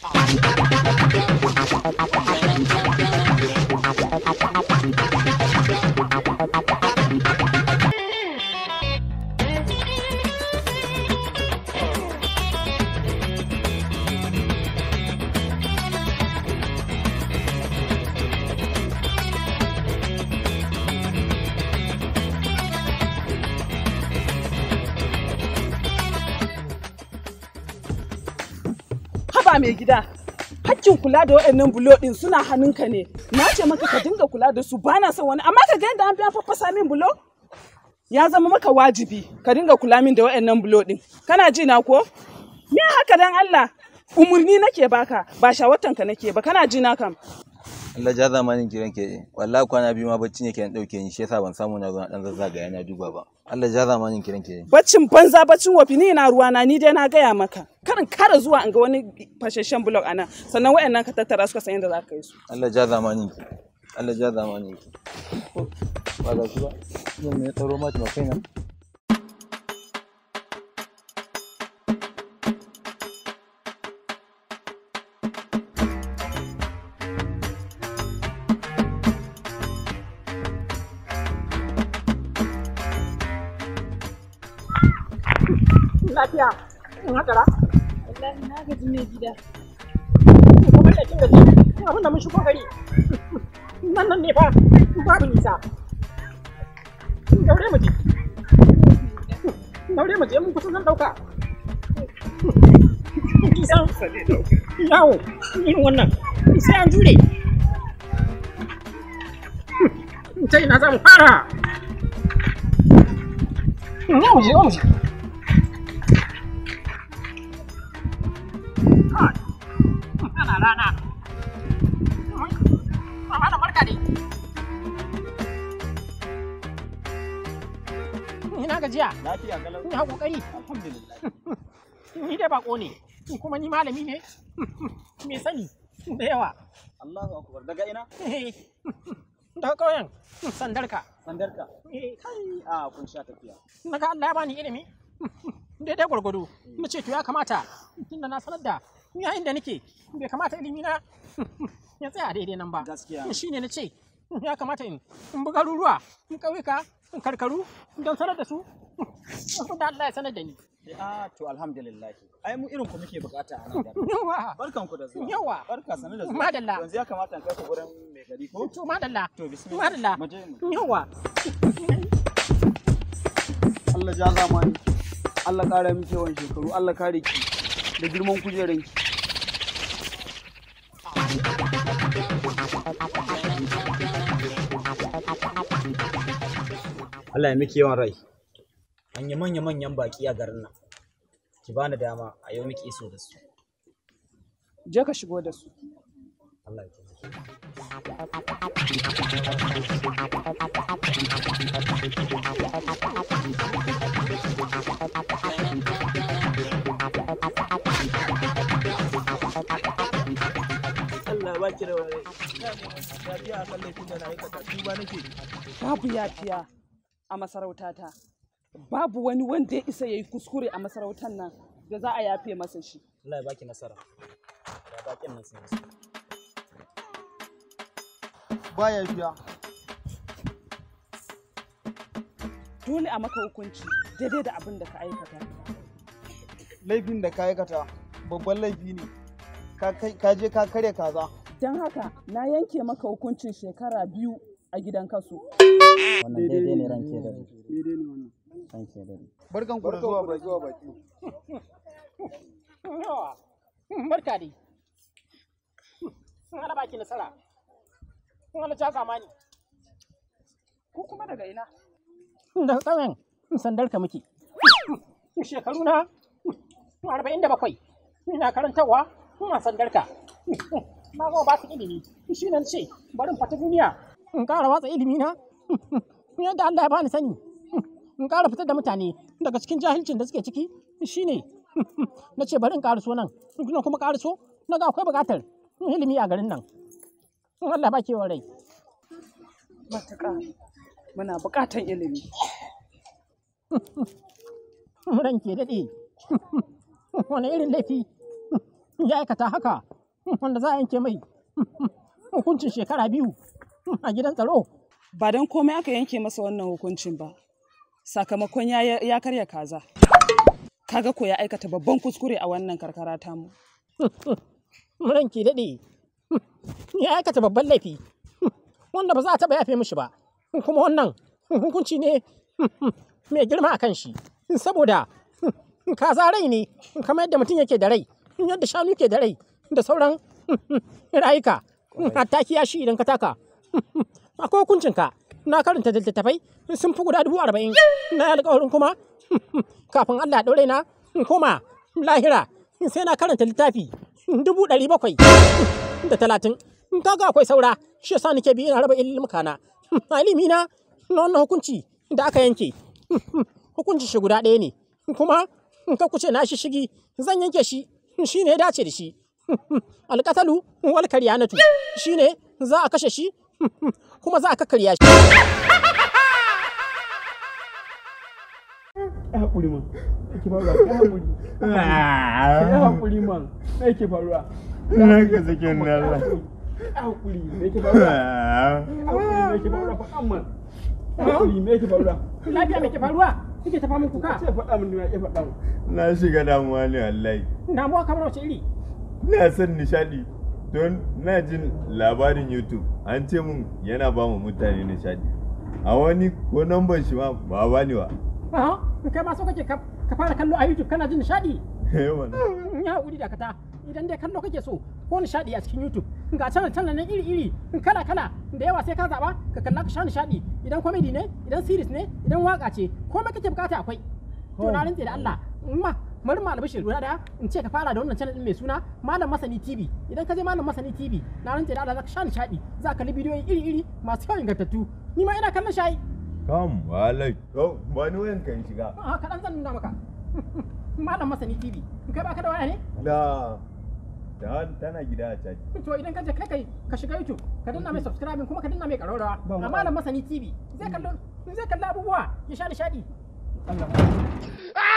Oh, my God. haba mai gida hakkin kula da waɗannan bulo suna hannunka ne na ce maka ka dinga kula da su ba na son wani amma ka ga yadda an biya faffasa min bulo ya zama maka wajibi ka dinga kula min da waɗannan bulo ɗin kana ji na ko me haka dan Allah umurni nake baka ba ka nake ba kana ji na kam Allah ja zamanin kiran ke wallahi kwana biyu ma bacci ne ke dauke ni shi yasa ban samu na zo dan zazzaga yana duba ba Allah ja zamanin kiran ke baccin banza baccin wafi ni na ruwa na ni dai na gaya maka karin kara zuwa in ga wani fashashen blog ana sannan wayannan ka tattara suka san yadda za ka yi su Allah ja zamani Allah ja zamani ba da zuwa ba zan ne tsaro ma ta kai nan lafiya in haka wallahi na gaji mai gida kamar da kin gaji abin da mun shigo gari nan nan ne fa babu nisa daure mu je daure mu je mun kusa zan dauka kisan yawo irin wannan sai an jure ta ina za mu fara Vamos, vamos. ni na gajiya lafiya galau ni ina kokari alhamdulillah ni dai bako ne kuma ni malami ne me sani da yawa Allahu akbar daga ina eh, daga kauyen sandarka sandarka eh, kai a kun sha tafiya naga Allah ya bani ilimi dai gwargwado hmm. na ce to ya kamata tunda na sanar da ni yayin inda nake bai kamata ilimi na ya tsaya daidai nan ba gaskiya shine na ce ya kamata in buga ruruwa in ƙauyuka karkaru don sanar da su da Allah ya sanar da ni a to alhamdulillah ai mu irin ku muke bukata a nan yawa barkan ku da zuwa yawa barka sanar da zuwa madalla yanzu ya kamata in kai ku gurin mai gari ko to madalla to bismillah madalla yawa Allah ja zamani Allah kare miki yawan shekaru Allah kare ki da girman kujeranki Allah ya miki yawan rai an yi manya manyan baki a garin nan ki bani dama a yau miki iso da su je ka shigo da su Allah ya baki da wani yafiya a masarautata babu wani wanda ya isa ya yi kuskure a masarautar nan da za a yafe masa shi Allah ya baki nasara ya baki nasara ba ya biya dole a maka hukunci daidai da abin da ka aikata laifin da ka aikata babban laifi ne ka je ka karya kaza don haka na yanke maka hukuncin shekara biyu a gidan kaso. wannan daidai ne ranke da ranke da barkan ku zuwa baki wa baki barka dai sun nasara sun mani ko kuma daga ina da tsawon sandar ka muke shekaru na arba'in da bakwai ina karantarwa ina sandar ka ba su ilimi shi nan ce barin fata duniya in ƙara watsa ilimi na yadda Allah ya bani sani in ƙara fitar da mutane daga cikin jahilcin da suke ciki shi ne. na ce bari in ƙaraso nan na kuma ƙaraso na ga akwai buƙatar ilimi a garin nan in Allah ba wa rai matuƙa muna buƙatar ilimi ke daɗe wani irin laifi ya aikata haka wanda za a yanke mai hukuncin shekara biyu a gidan tsaro ba don komai aka yanke masa wannan hukuncin ba sakamakon ya karya kaza kaga ko ya aikata babban kuskure a wannan karkara tamu ranki daɗe ya aikata babban laifi wanda ba za a taɓa yafe mishi ba kuma wannan hukunci ne mai girma a kan shi saboda kaza rai ne kamar yadda mutum yake da rai yadda shanu ke da rai da sauran rayuka hatta kiyashi idan ka taka akwai hukuncin ka na karanta littattafai sun fi guda dubu arba'in na alƙawarin kuma kafin Allah ɗaure na koma lahira sai na karanta littafi dubu ɗari bakwai da talatin ga akwai saura shi yasa nake bi ina raba ilimuka na alimi na na wannan hukunci da aka yanke hukunci shi guda ɗaya ne kuma in ka kuce na shi shigi zan yanke shi shi ne ya dace da shi alƙatalu wal karyanatu shi ne za a kashe shi kuma za a kakarya shi ya haƙuri man faruwa ya haƙuri ya haƙuri man na yake faruwa na ah. ka ya haƙuri na yake faruwa ya haƙuri na yake faruwa faɗan man na shiga damuwa ne wallahi damuwa kamar wace iri Na san nishaɗi don na jin labarin youtube an ce mun yana ba mu mutane nishadi a wani ko namban shi ma ba ba ni ba kai ma so kake ka fara kallo a youtube kana jin nishadi eh wannan mm, ya hakuri da kata idan dai kallo kake so ko nishadi a cikin youtube ga channel na iri iri kala kala da yawa sai ka zaba ka kalla ka sha nishadi idan comedy ne idan series ne idan waka ce komai kake bukata akwai to na rantse da Allah ma bari ma albishir guda daya in ce ka fara da wannan channel din mai suna malam masani tv idan ka je malam masani tv na rance da za ka sha nishadi za ka li bidiyoyi iri iri masu kyau ingantattu ni ma ina kallon shayi kam walai to ba ni wayan kan shiga a kaɗan zan nuna maka malam masani tv in kai baka da waya ne da dan tana gida a caji to idan ka je kai kai ka shiga youtube ka danna mai subscribe kuma ka danna mai karaurawa a malam masani tv zai kallo zai kallon abubuwa ya sha nishadi Allah